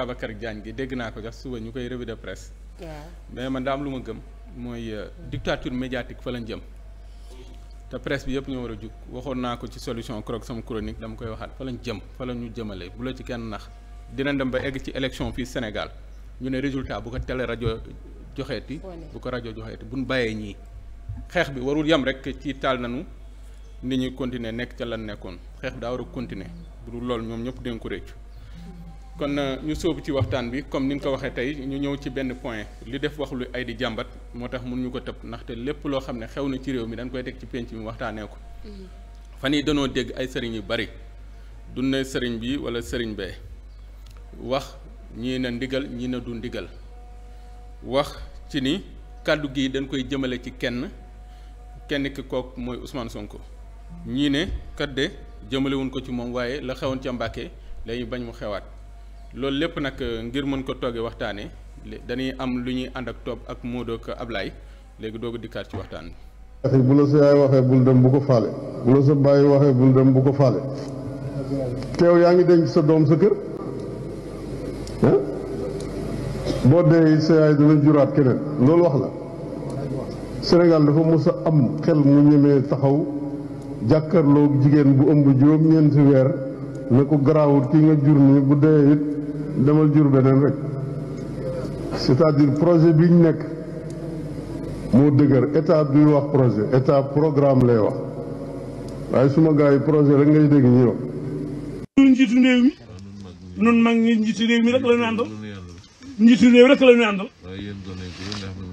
Babacar jaañ gi dégg naa ko sax suba ñu koy revue de presse. mais man daa am lu ma gëm mooy euh, dictature médiatique fa lañ jëm. te presse bi yëpp ñoo war a jug waxoon naa ko ci solution croque sama chronique dama koy waxaat fa lañ fala fa ñu jëmale bu ci kenn nax dinañ dem ba egg ci élection fii Sénégal ñu ne résultat bu ko télé rajo joxeeti bu ko rajo joxeeti buñ bàyyee ñii xeex bi warul yem rek ci taal nañu nit ñuy continuer nekk ca lan nekkoon xeex bi daa bu dul loolu ñoom ñëpp dénk ko kon euh, ñu sóobu ci waxtaan bi comme ni nga ko waxee tey ñu ñëw ci benn point li def wax lu ay di jàmbat moo tax munuñu ko tëb ndaxte lépp loo xam ne xew na ci réew mi dañ koy teg ci penc mi waxtaanee ko mm-hmm. fan yi danoo dégg ay sëriñ yu bari du ne sëriñ bi wala sëriñ bee wax ñii na ndigal ñii na du ndigal wax ci ni kàddu gi dañ koy jëmale ci kenn kenn ki kook mooy Ousmane Sonko ñii ne kat de jëmalewuñ ko ci moom waaye la xewoon ca Mbàkke lañu bañ mu xewaat loolu lépp nag euh, ngir mën ko toogee waxtaanee dañuy am lu ñuy ànd ak toog ak Modou ak Ablaye léegi doog a dikkaat ci waxtaan bi. bu la sa yaay waxee bul dem bu ko faale bu la bàyyi waxee bul dem bu ko faale teew yaa ngi denc sa doom sa kër boo dee sa yaay dana juraat keneen loolu wax la Sénégal dafa mës a am xel mu ñemee taxaw jàkkarloo jigéen bu ëmb juróom-ñeenti weer ne ko garaawut kii nga jur nii bu dee it demal jur beneen rek c'est-à-dire projet bi ñu nekk moo dëgër état duy wax projet état programme lay wax waaye suma gars yi projet rek ngay dégg ñi wax ñun njiitu réew mi nun mag ñi njiitu réew mi rek la ma àndal njiitu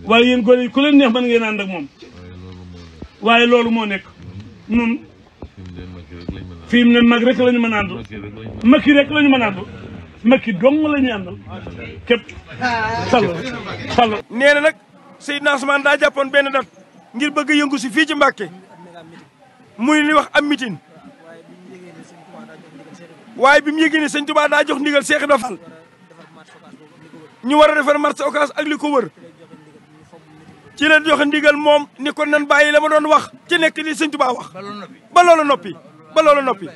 waaye moom waaye loolu moo nekk nun fi mu ne mag rek la ñu mën a àndal rek la ñu mën a àndal Macky dong la nee na nag Seydina Ousmane daa jàppoon benn date ngir bëgg yëngu si fii ci Mbacke muy li wax am mitin waaye bi mu yëgee ne sëñ Touba daa jox ndigal Cheikh Ibra Fall ñu war a defar marché Ocass ak li ko wër ci la joxe ndigal moom ni ko nan bàyyi la ma doon wax ci nekk li sëñ Touba wax ba loola noppi ba loola noppi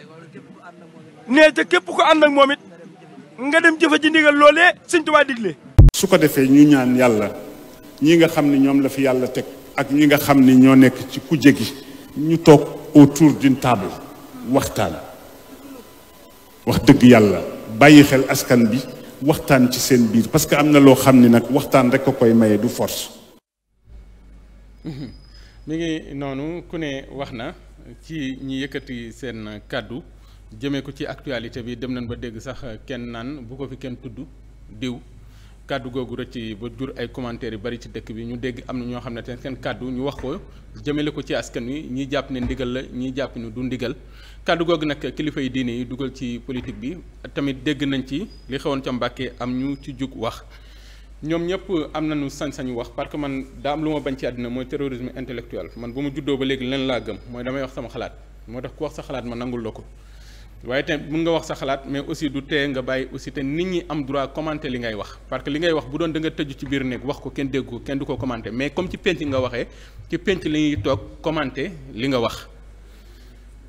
nee ca képp ko ànd ak moom it. nga dem jëfe ji ndigal loolee sëñ Tuubaa digle su ko defee ñu ñaan yàlla ñi nga xam ne ñoom la fi yàlla teg ak ñi nga xam ne ñoo nekk ci kuje gi ñu toog autour d'une table waxtaan wax dëgg yàlla bàyyi xel askan bi waxtaan ci seen biir parce que am na loo xam ni nag waxtaan rek a koy maye du force mi ngi noonu ku ne wax na ci ñi yëkkati seen kàddu jëmee ko ci actualité bi dem nañ ba dégg sax kenn naan bu ko fi kenn tudd diw kàddu googu rëcc ba jur ay commentaires yu bari ci dëkk bi ñu dégg am na ñoo xam ne te seen kàddu ñu wax ko jëmale ko ci askan wi ñi jàpp ne ndigal la ñi jàpp ne du ndigal kàddu googu nag kilifa yi diine yi dugal ci politique bi tamit dégg nañ ci li xewoon ca Mbàkke am ñu ci jug wax ñoom ñëpp am nañu sañ-sañu wax parce que man daam lu ma bañ ci àddina mooy terrorisme intellectuel man bu ma juddoo ba léegi leen laa gëm mooy damay wax sama xalaat moo tax ku wax ma nangul la ko waaye tamit mën nga wax sa xalaat mais aussi du tee nga bàyyi aussi te nit ñi am droit commenter li ngay wax parce que li ngay wax bu doon da nga tëju ci biir néeg wax ko kenn dégg ko kenn du ko commenter mais comme ci penc nga waxee ci penc li ñuy toog commenter li nga wax.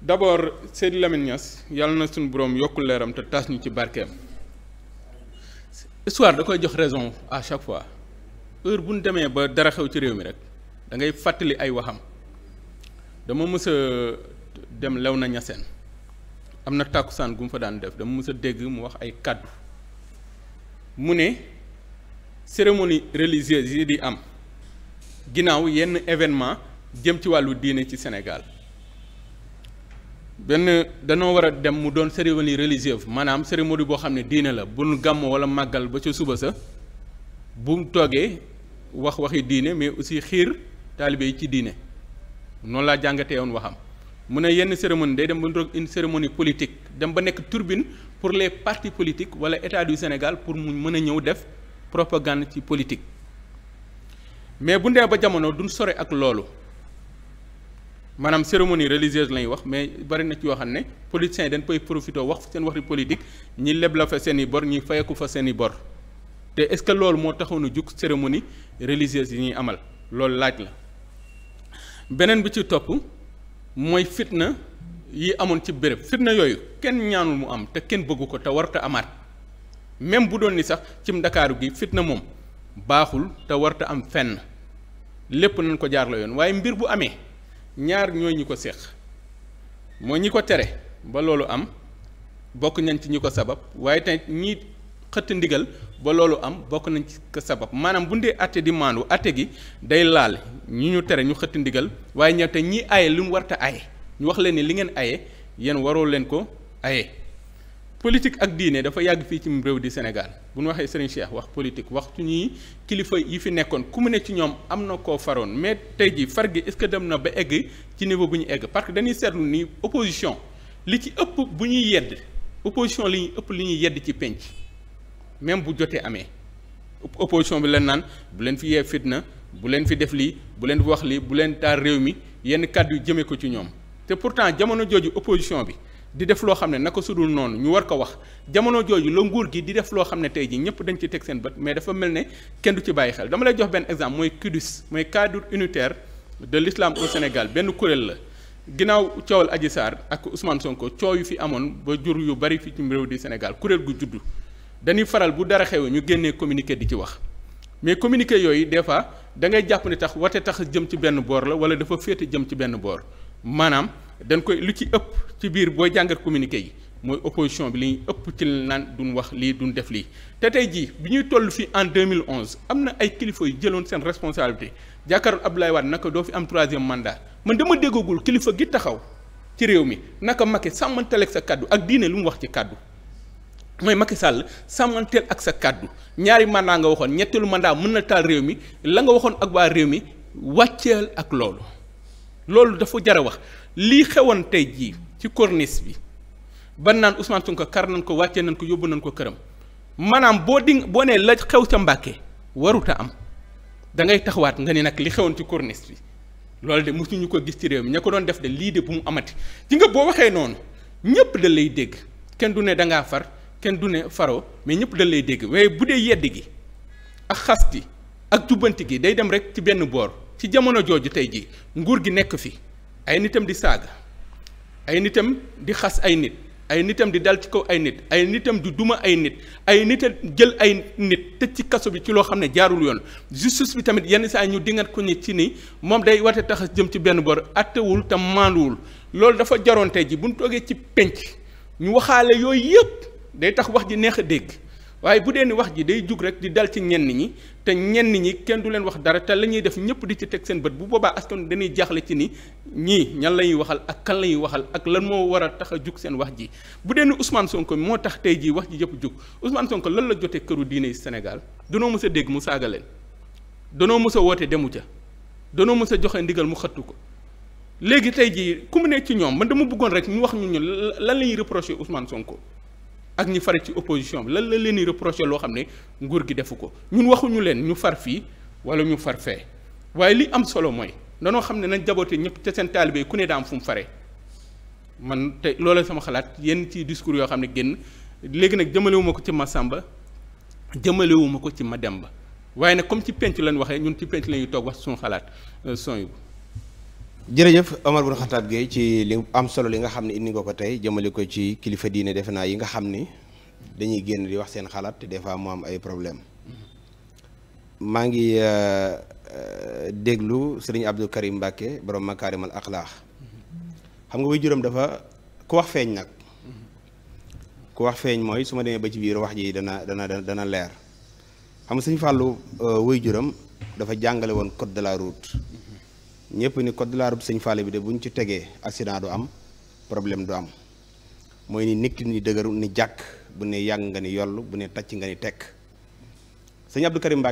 d'abord Seydi Lamine ñas yàlla na suñu borom yokku leeram te tas ñu ci barkeem histoire da koy jox raison à chaque fois heure bu ñu demee ba dara xew ci réew mi rek da ngay fàttali ay waxam dama mës a dem lew na ñaseen am na tàkkusaan gu mu fa daan def dama mës a dégg mu wax ay kàddu mu ne cérémonie religieuse yi di am ginnaaw yenn événement jëm ci wàllu diine ci Sénégal benn danoo war a dem mu doon cérémonie religieuse maanaam cérémonie boo xam ne diine la bu nu gàmm wala màggal ba ca suba sa bu mu toogee wax waxi diine mais aussi xiir taalibe yi ci diine noonu laa jàngatee woon waxam. mu ne yenn cérémonie day dem ba doon une cérémonie politique dem ba nekk turbine pour les partis politiques wala état du Sénégal pour mu mën a ñëw def propagande ci politique mais bu ndee ba jamono duñ sore ak loolu maanaam cérémonie religieuse lañuy wax mais bari na ci yoo xam ne politiciens yi dañ koy profité wax seen waxi politique ñi leb la fa seen i bor ñi fayeku fa seen i bor te est-ce que loolu moo taxoon a jug cérémonie religieuse yi ñuy amal loolu laaj la beneen bi ci topp. mooy fitna yi amoon ci béréb fitna yooyu kenn ñaanul mu am te kenn bëggu ko te warta amaat même bu doon ni sax cim ndakaaru gi fitna moom baaxul te warta am fenn lépp nañ ko jaar yoon waaye mbir bu amee ñaar ñooy ñi ko séq mooy ñi ko tere ba loolu am bokk nañ ci ñi ko sabab waaye tamit ñi xëtt ndigal ba loolu am bokk nañ ci ko sabab maanaam bu ndee atte di maandu atte gi day laale ñi ñu tere ñu xëtt ndigal waaye ñoom te ñi aye lu mu warta aye ñu wax leen ni li ngeen aye yéen waroo leen ko aye politique ak diine dafa yàgg fii ci réew di Sénégal bu nu waxee Serigne Cheikh wax politique wax ci ñuy kilifa yi fi nekkoon ku mu ne ci ñoom am na ko faroon mais tey jii far gi est-ce que dem na ba egg ci niveau bu ñu egg parce que dañuy seetlu ni opposition li ci ëpp bu ñuy yedd opposition li ñuy ëpp li ñuy yedd ci penc même bu jotee amee opposition bi leen naan bu leen fi yee fitna bu leen fi def lii bu leen wax lii bu leen taal réew mi yenn kàddu yu jëmee ko ci ñoom te pourtant jamono jooju opposition bi di def loo xam ne naka sudul noonu ñu war ko wax jamono jooju la nguur gi di def loo xam ne tey jii ñëpp dañ ci teg seen bët mais dafa mel ne kenn du ci bàyyi xel dama lay jox benn exemple mooy CUDIS mooy cadre unitaire de l'islam au Sénégal benn kuréel la ginnaaw coowal aji Sarr ak Ousmane Sonko coow yu fi amoon ba jur yu bari fi ci réew di Sénégal kuréel gu judd dañuy faral bu dara xewee ñu génnee communiqué di ci wax mais communiqué yooyu des fois da ngay jàpp ni tax wate tax jëm ci benn boor la wala dafa féete jëm ci benn boor maanaam dañ koy lu ci ëpp ci biir booy jàngat communiqué yi mooy opposition bi li ëpp ci naan duñ wax lii duñ def lii te tey jii bi ñuy toll fii en 2011 am na ay kilifa yu jëloon seen responsabilité jàkkaarul Abdoulaye waat naka doo fi am troisième mandat man dama déggagul kilifa gi taxaw ci réew mi naka Macky sàmmantaleeg sa kàddu ak diine lu mu wax ci kàddu mooy Macky sàll sàmmanteel ak sa kàddu ñaari mandat nga waxoon ñetteelu mandat mën na taal réew mi la nga waxoon ak waa réew mi wàcceel ak loolu loolu dafa jar wax lii xewoon tey jii ci corniche bi ban naan Ousmane Sonko kar nañ ko wàccee nañ ko yóbbu nañ ko këram maanaam boo di boo nee la xew ca Mbàkke warut a am dangay taxawaat nga ne nag li xewoon ci corniche bi loolu de mosuñu ko gis ci réew mi ña ko doon def de lii de bu mu amati ci nga boo waxee noonu ñëpp da lay dégg kenn du ne da far. kenn du ne faro mais ñëpp dal lay dégg waaye bu dee yedd gi ak xas gi ak jubbanti gi day dem rek ci benn boor ci jamono jooju tey ji nguur gi nekk fi ay nitam di saaga ay nitam di xas ay nit ay nitam di dal ci kaw ay nit ay nitam di duma ay nit ay nit jël ay nit tëj ci kaso bi ci loo xam ne jaarul yoon justice bi tamit yenn saa ñu dingat ko ni ci ni moom day wate a jëm ci benn bor attewul te maanduwul loolu dafa jaroon tey ji bu ñu toogee ci pénc ñu waxaale yooyu yëpp day tax wax ji neex a dégg waaye bu dee ni wax ji day jug rek di dal ci ñenn ñi te ñenn ñi kenn du leen wax dara te la ñuy def ñëpp di ci teg seen bët bu boobaa askan dañuy jaaxle ci ni ñii ñan la ñuy waxal ak kan la ñuy waxal ak lan moo war a tax a jug seen wax ji bu dee ni Ousmane Sonko moo tax tey jii wax ji yëpp jug usmaan Sonko lan la jotee këru diine yi danoo mës a dégg mu saaga leen danoo mës a woote demu ca danoo mës a joxe ndigal mu xëttu ko léegi tey jii ku ne ci ñoom man dama bëggoon rek ñu wax ñu lan la ñuy reproché Ousmane Sonko. ak ñi fare ci opposition bi lan la leen di reproché loo xam ne nguur gi defu ko ñun waxuñu leen ñu far fii wala ñu far fee waaye li am solo mooy danoo xam ne nañ jaboote ñëpp ca seen taalibe ku ne daam fu mu fare man te loola sama xalaat yenn ci discours yoo xam ne génn léegi nag jëmalewuma ko ci Massamba jëmalewuma ko ci Mademba waaye nag comme ci penc lañ waxee ñun ci penc la ñuy toog wax suñu xalaat euh, son yu jërëjëf Omar bun Xataab Gueye ci li am solo li nga xam ne indi nga ko tey jëmale ko ci kilifa diine defe naa yi nga xam ni dañuy génn di wax seen xalaat te des fois mu am ay problème maa ngi euh, euh, déglu sëriñ Abdou Karim Mbacke borom makaarimal axlaax xam nga way juróom dafa ku wax feeñ nag ku wax feeñ mooy su ma demee ba ci biir wax ji dana dana dana leer xam nga sëñ Fallou euh, way juróom dafa jàngale woon code de la route. ñëpp ni code de la route bi de bu ñu ci tegee accident du am problème du am mooy ni nikk ki ni dëgëru ni jàkk bu ne yàgg nga ni yoll bu ne tacc nga ni tekk sëñ Abdou Karim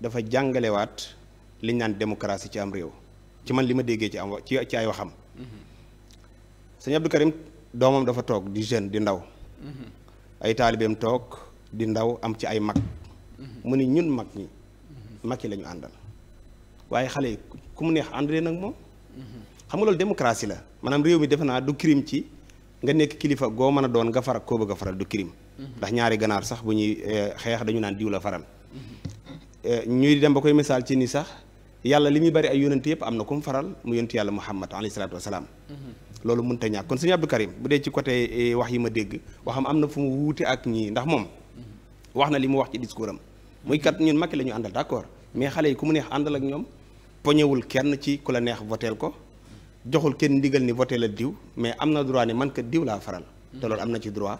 dafa jàngalewaat liñ naan démocratie ci am réew ci man li ma déggee ci am ci ci ay waxam. Mm-hmm. sëñ Abdou doomam dafa toog di jeune di ndaw. Mm-hmm. ay taalibeem toog di ndaw am ci ay mag. Mm-hmm. mu ni ñun mag ñi mag yi la àndal. waaye xale yi ku mu neex ànd leen ak moom. xam nga loolu démocratie la maanaam réew mi defe naa du kirim ci nga nekk kilifa goo mën a doon nga faral ko bëgg a faral du crime. ndax ñaari ganaar sax bu ñuy eh, xeex dañu naan diw la faral. Eh, ñuy dem ba koy misaal ci ni sax yàlla li muy bari ay yónent yëpp am na ku mu faral mu yónent yàlla Muhammad alayhi salaatu wa salaam. loolu mun a ñàkk kon sëñ Abdou Karim bu dee ci côté eh, wax yi ma dégg waxam am na fu mu wuute ak ñii ndax moom. wax na li mu wax ci discours am. muy ñun Macky la ñu àndal d'accord mais xale yi ku mu neex àndal ak ñoom poñewul kenn ci ku la neex voteel ko joxul kenn ndigal ni voté la diw mais am na droit ni man kat diw laa faral te loolu am na ci droit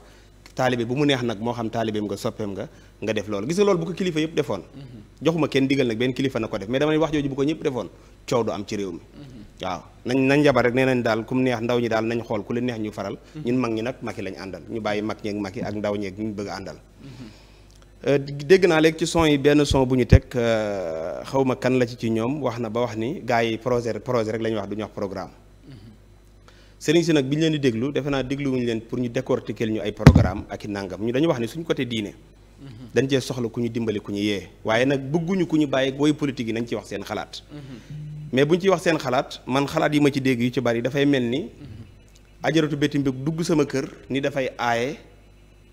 taalibe bu mu neex nag moo xam taalibeem nga soppeem nga nga def loolu gis nga loolu bu ko kilifa yëpp defoon mhm. joxuma kenn digal nag benn kilifa na ko def mais dama ne wax jooju bu ko ñëpp defoon coow du am ci réew mi mhm. waaw nañ nañ jabar rek nee nañ daal ku neex ndaw ñi daal nañ xool ku leen neex ñu faral mhm. ñun mag ñi nag Macky lañ àndal ñu bàyyi mag ñeeg Macky ak ndaw ñeeg bëgg àndal Euh, dégg naa léegi ci son yi benn son bu ñu teg euh, xaw ma kan la ci ci ñoom wax na ba wax ni gars yi projet projet rek la ñuy wax du ñu wax programme mm-hmm. sëriñ si nag bi ñu leen di déglu defe naa dégluwuñu leen pour ñu décortiquer ñu ay programme ak i nàngam ñu dañu wax ni suñu côté diine mm-hmm. dañ cee soxla ku ñu dimbali ku ñu yee waaye nag bëgguñu ku ñu bàyyi booy politique yi nañ ciy wax seen xalaat mm-hmm. mais bu ñu ciy wax seen xalaat man xalaat yi ma ci dégg yu ci bari dafay mel ni ajaratu bétti mbig dugg sama kër ni dafay aaye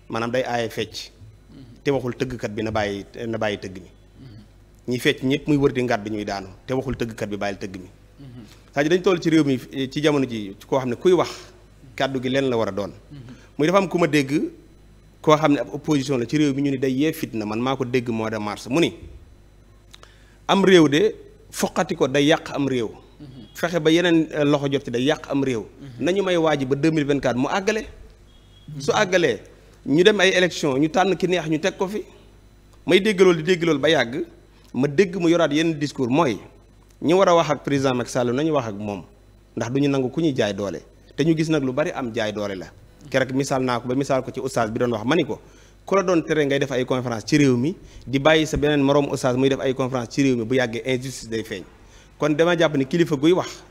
maanaam day aaye fecc te waxul tëggkat bi na bàyyi na bàyyi tëgg mi ñi fecc ñëpp muy wër di bi ñuy daanu te waxul tëggkat bi bàyyil tëgg mi saa ji dañ toll ci réew mi ci jamono ji koo xam ne kuy wax kàddu gi leen la war a doon muy dafa am ku ma dégg koo xam ne ab opposition la ci réew mi ñu ni day yee fitna man maa ko dégg moo de mars mu ni am réew de foqati ko day yàq am réew fexe ba yeneen euh, loxo jot ci day yàq am réew uhuh. nañu may waaji ba 2024 mu àggale su àggalee ñu dem ay élection ñu tànn ki neex ñu teg ko fi may dégg di dégg loolu ba yàgg ma dégg mu yoraat yenn discours mooy ñu war a wax ak président Macky Sall nañu wax ak moom ndax du ñu nangu ku ñuy jaay doole te ñu gis nag lu bari am jaay doole la keroog misaal naa ko ba misaal ko ci oustaz bi doon wax ma ni ko ku la doon tere ngay def ay conférence ci réew mi di bàyyi sa beneen moroom oustaz muy def ay conférence ci réew mi bu yàggee injustice day feeñ kon dama jàpp ni kilifa guy wax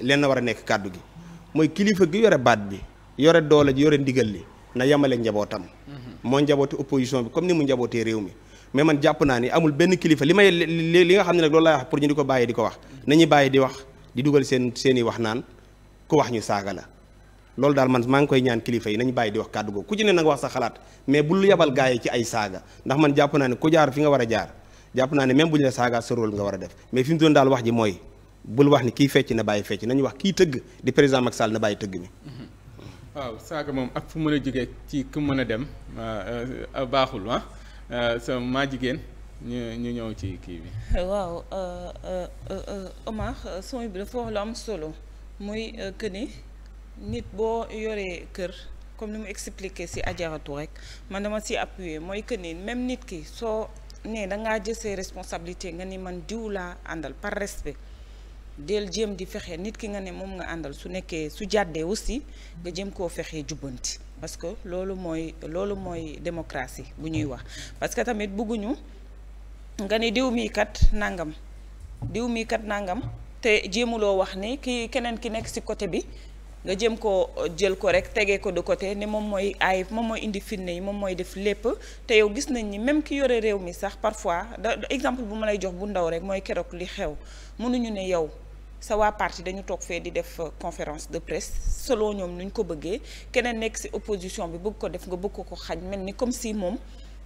lenn war a nekk kàddu gi mooy kilifa gi yore baat bi yore doole ji yore ndigal li na yemale njabootam. Mhm. moo njabooti opposition bi comme ni mu njabootee réew mi mais man jàpp naa ni amul benn kilifa li may li nga xam ne nag loolu laay wax pour ñu di ko bàyyi di ko wax nañu bàyyi di wax di dugal seen seen wax naan ku wax ñu saaga la loolu daal man maa ngi koy ñaan kilifa yi nañu bàyyi di wax kàddu googu ku ci ne na nga wax sa xalaat mais bul yabal gaa ci ay saaga ndax man jàpp naa ne ku jaar fi nga war a jaar jàpp naa ne même bu ñu la saaga nga war a def fi mu doon daal wax ji mooy wax ni kii fecc na bàyyi fecc nañu wax kii tëgg di président Macky Sall na bàyyi tëgg mi mhm. waaw saaga moom ak fu mën a jógee ci ku mën a dem ah, ah, baaxul ah, ah sa maa jigéen ñu ñu ñëw ci kii bi. waaw Omar son bi dafa wax lu am solo muy que ni nit boo yoree kër comme ni mu expliqué si ajaratu rek man dama si appuyer mooy que ni même nit ki soo nee da ngaa jël see responsabilités nga ni man diw laa àndal par respect. del jéem di fexe nit ki nga ne moom nga àndal su nekkee su jàddee aussi nga jëm koo fexe jubbanti parce que loolu mooy loolu mooy démocratie bu ñuy wax parce que tamit bëgguñu nga ne diw mii kat nangam diw mii kat nangam te jéemuloo wax ni ki keneen ki nekk ci côté bi nga jëm ko jël ko rek tegee ko de côté ne moom mooy ay moom mooy indi fitne yi moom mooy def lépp te yow gis nañ ni même ki yore réew mi sax parfois da exemple bu ma lay jox bu ndaw rek mooy keroog li xew mënuñu ne yow sa waa dañu toog fee di def euh, conférence de presse solo ñoom nu ko bëggee keneen nekk ci opposition bi bëgg ko def nga bëgg ko ko xaj mel ni comme si moom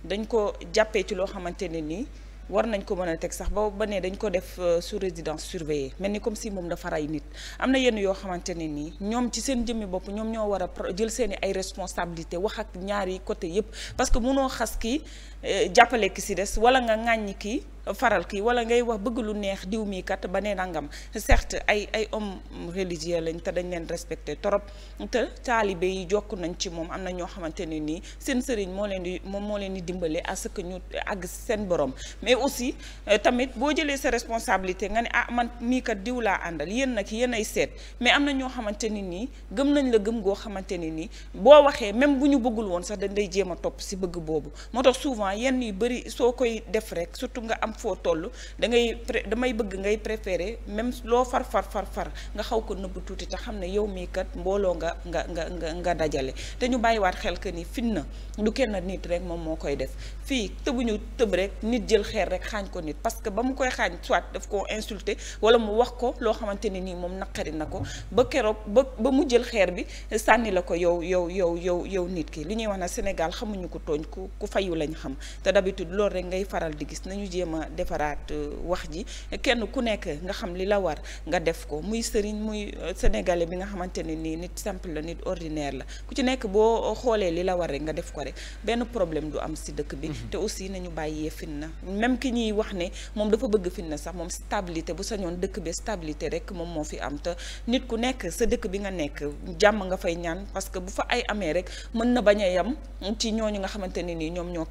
dañ ko jàppee ci loo xamante ne nii war nañ ko mën a teg sax ba ba ne dañ ko def euh, sous résidence surveillée mel ni comme si moom dafa rey nit am na yenn yoo xamante ne nii ñoom ci seen jëmmi bopp ñoom ñoo war a jël seen i ay responsabilité wax ak ñaari côté yépp parce que mënoo xas ki euh, jàppale ki si des wala nga ŋàññi ki faral kii wala ngay wax bëgg lu neex diw mi kat ba nee nangam certes ay ay homme religieux lañ te dañ leen respecté trop te taalibe yi jokk nañ ci moom am na ñoo xamante ne nii seen sëriñ moo leen di moom moo leen di dimbale à ce que ñu àgg seen borom mais aussi euh, tamit boo jëlee sa responsabilité nga ne ah man miikat diw laa àndal yéen nag yenn ay seet mais am na ñoo xamante ne nii gëm nañ la gëm goo xamante ne nii boo waxee même bu ñu bëggul woon sax dañ lay topp si bëgg boobu moo tax souvent yenn yu bëri soo koy def rek surtout nga am foo toll dangay ngay damay bëgg ngay préférer même loo far far far far nga xaw ko nëbb tuuti te xam ne yow mii kat mbooloo nga nga nga nga nga dajale te ñu bàyyiwaat xel que ni fitna du kenn nit rek moom moo koy def fii tëbuñu tëb rek nit jël xeer rek xaañ ko nit parce que ba mu koy xaañ soit daf koo insulté wala mu wax ko loo xamante ne nii moom naqari na ko ba keroog ba ba mu jël xeer bi sànni la ko yow yow yow yow yow nit ki li ñuy wax na Sénégal xamuñu ko tooñ ku ku fayu lañ xam te d'habitude loolu rek ngay faral di gis nañu jéem a defaraat euh, wax ji kenn ku nekk nga xam li la war nga def ko muy sëriñ muy euh, sénégalais bi nga xamante ne nii nit simple la nit ordinaire la ku ci nekk boo xoolee li la war nga def ko rek benn problème du am si dëkk bi mhm. te aussi nañu bàyyee fin na même ki ñuy wax ne moom dafa bëgg fin na sax moom stabilité bu sa ñoon dëkk bi stabilité rek moom moo fi am te nit ku nekk sa dëkk bi nga nekk jàmm nga fay ñaan parce que bu fa ay amee rek mën na bañ a yem ci ñooñu nga xamante ne nii ñoom ñoo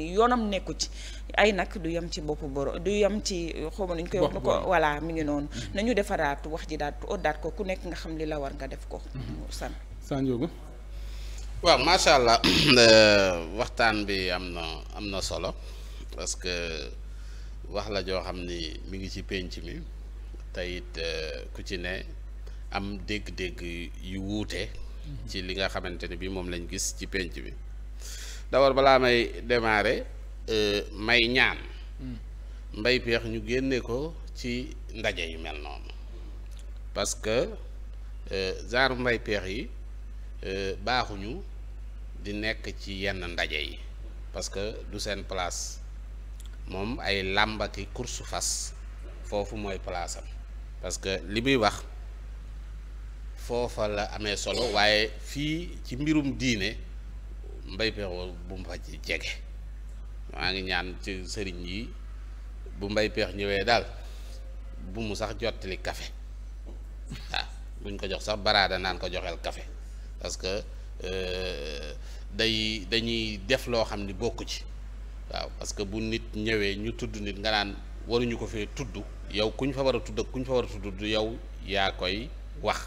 ni yoonam nekku ci ay nag du yem ci boppu boro du yem ci xawma nañ koy wax ko voilà mi ngi noonu mm-hmm. nañu defaraat wax ji daat daat ko ku nekk nga xam li la war nga def ko mm-hmm. san sanjogu waaw macha allah euh, waxtaan bi am na am na solo parce que wax la joo xam ni mi ngi ci pénc mi teyit euh, ku ci ne am dégg-dégg yu wuute mm-hmm. ci li nga xamante ne bi moom lañ gis ci pénc bi d'abord balaa may démarrer euh, may ñaan hmm. mbay peex ñu génne ko ci ndaje yu mel noonu parce que euh, genre mbay peex yi euh, baaxuñu di nekk ci yenn ndaje yi parce que du seen place moom ay làmbaki course fas foofu mooy place am parce que li muy wax foofa la amee solo waaye fii ci mbirum diine mbay peexoo bu mu fa jege maa ngi ñaan ci sëriñ yi bu mbay peex ñëwee daal bu mu sax jottali kafe waaw ah, buñ ko jox sax baraada naan ko joxeel kafe parce que euh, day dañuy def loo xam ni bokku ci waaw parce que bu nit ñëwee ñu tudd nit nga naan waruñu ko fee tudd yow kuñ fa war a tudd ak kuñ fa war a tudd yow yaa koy wax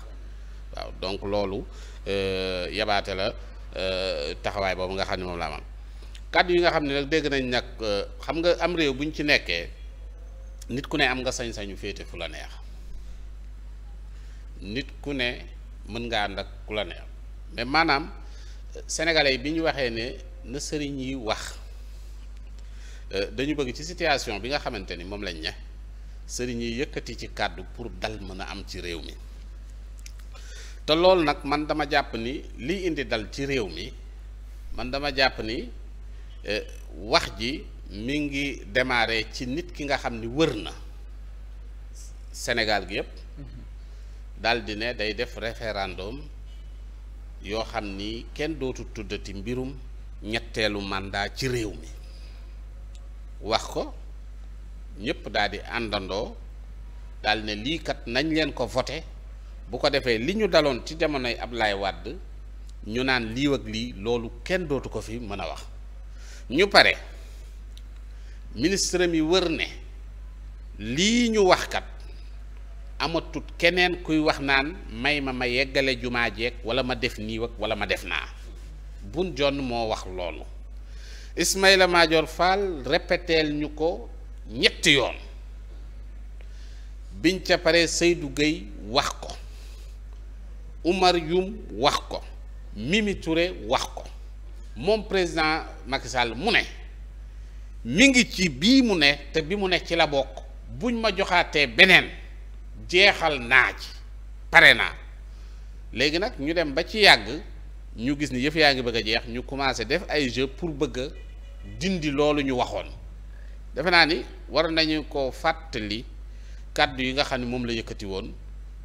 waaw donc loolu euh, yabaate la Euh, taxawaay boobu nga xam ne moom laa am kàddu yi nga xam ne nag dégg nañ nag euh, xam nga am réew bu ñu ci nekkee nit ku ne am nga sañ-sañu féete fu la neex nit ku ne mën nga ànd ku la neex mais maanaam sénégalais bi ñu waxee ne na sëriñ yi wax euh, dañu bëgg ci situation bi nga xamante ni moom lañ ne sëriñ yi yëkkati ci kàddu pour dal mën a am ci réew mi. te loolu nag man dama jàpp ni liy indi dal ci réew mi man dama jàpp ni eh, wax ji mi ngi démarré ci nit ki nga xam ni wër na senegal gi yëpp mm-hmm. daal di ne day def référendum yoo xam ni kenn dootu tuddati mbirum ñetteelu mandat ci réew mi wax ko ñëpp daal di àndandoo dal ne lii kat nañ leen ko voté bu ko defee li ñu daloon ci jamonoy ab Ablaye Wade ñu naan lii ak lii loolu kenn dootu ko fi mën a wax ñu pare ministre mi wër ne lii ñu waxkat kat amatut keneen kuy wax naan may ma ma yeggale jumaa jeeg wala ma def nii ak wala ma def naa bun jonn moo wax loolu Ismaïla Madior Fall répéteel ñu ko ñetti yoon biñ ca pare Seydou Gueye wax ko Oumar Youm wax ko Mimi Touré wax ko moom président Macky Sall mu ne mi ngi ci bii mu ne te bi mu ne ci la bokk buñ ma joxaatee beneen jeexal naa ci pare naa léegi nag ñu dem ba ci yàgg ñu gis ni yëf yaa ngi bëgg a jeex ñu commencé def ay jeu pour bëgg a dindi loolu ñu waxoon defe naa ni war nañu ko fàttali kàddu yi nga xam ne moom la yëkkati woon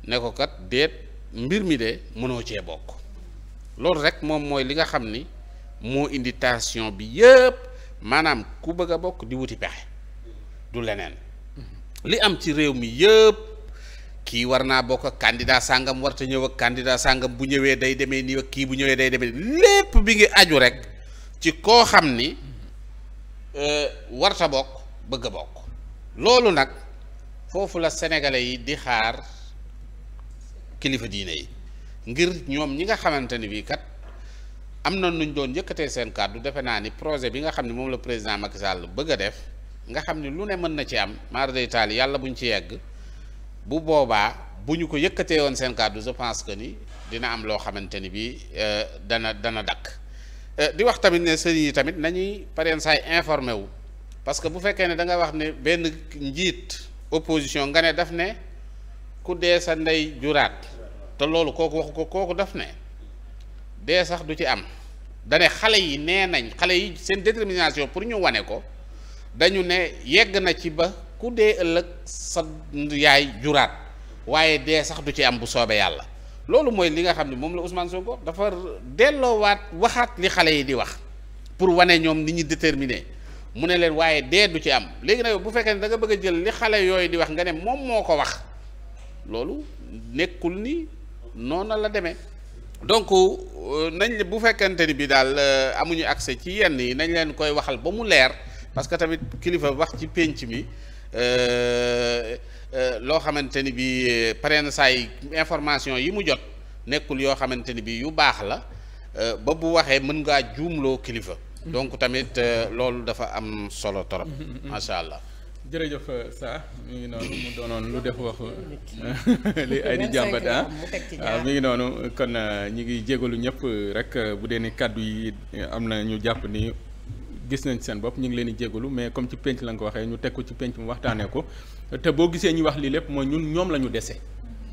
ne ko kat déet. mbir mi de mënoo cee bokk loolu rek moom mooy li nga xam ni moo indi tension bi yépp maanaam ku bëgg a bokk di wuti pexe du leneen li am ci réew mi yépp kii war naa bokk ak candidat sàngam warta ñëw ak candidat sàngam bu ñëwee day demee nii kii bu ñëwee day demee lépp bi ngi aju rek ci koo xam ni euh, warta bokk bëgg a bokk loolu nag foofu la sénégalais yi di xaar kilifa diine yi ngir ñoom ñi nga xamante ni bii kat am na nuñ doon yëkkatee seen kàddu defe naa ni projet bi nga xam ne moom la président Macky Sall bëgg a def nga xam ni lu ne mën na ci am maar day taal yàlla buñ ci yegg bu boobaa bu ñu ko yëkkatee woon seen kàddu je pense que ni dina am loo xamante ni bii euh, dana dana dakk euh, di wax tamit ne sëriñ yi tamit nañuy pareen saay informé wu parce que bu fekkee ne da nga wax ne benn njiit opposition nga ne daf ne. ku dee sa ndey juraat te loolu kooku waxu ko kooku def ne dee sax du ci am dane xale yi nee nañ xale yi seen détermination pour ñu wane ko dañu ne yegg na ci ba ku dee ëllëg sa yaay juraat waaye dee sax du ci am bu soobee yàlla loolu mooy li nga xam ne moom la soo Sonko dafa delloowaat waxaat li xale yi di wax pour wane ñoom ni ñu déterminé mu ne leen waaye dee du ci am léegi nag bu fekkee ne da bëgg a jël li xale yooyu di wax nga ne moom moo ko wax loolu nekkul ni noona la demee donc euh, nañ bu fekkente ni bi daal euh, amuñu accès ci yenn yi nañ leen koy waxal ba mu leer parce que tamit kilifa wax ci pénc mi euh, loo xamante ni bi pare na saa yi information yi mu jot nekkul yoo xamante ni bi yu baax la ba bu waxee mën ngaa juumloo kilifa mm-hmm. donc tamit loolu dafa am solo torop macha mm-hmm. allah jërëjëf euh, saa mi ngi noonu mu doonoon lu def wax euh, li ay di jàmbat ah waaw ah, mi ngi noonu kon euh, ñi ngi jégalu ñëpp rek bu dee ni kàddu yi am na ñu jàpp ni gis nañ seen bopp ñu ngi leen di jégalu mais comme ci penc la nga ko waxee ñu teg ko ci penc mu waxtaanee ko te boo gisee ñi wax lii lépp mooy ñun ñoom la ñu dese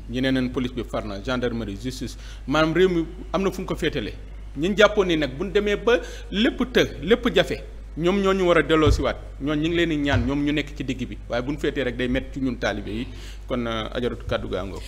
ñu ne neen police bi far na gendarmerie justice maanaam réew mi am na fu ñu ko féetale ñun jàppoon nii nag bu ñu demee ba lépp të lépp jafe. ñoom ñoo ñu war a delloo siwaat ñoom ñu ngi leen di ñaan ñoom ñu nekk ci digg bi waaye bu ñu féetee rek day métti ci ñun taalibe yi kon euh, ajaratu kàddu gaa ngoog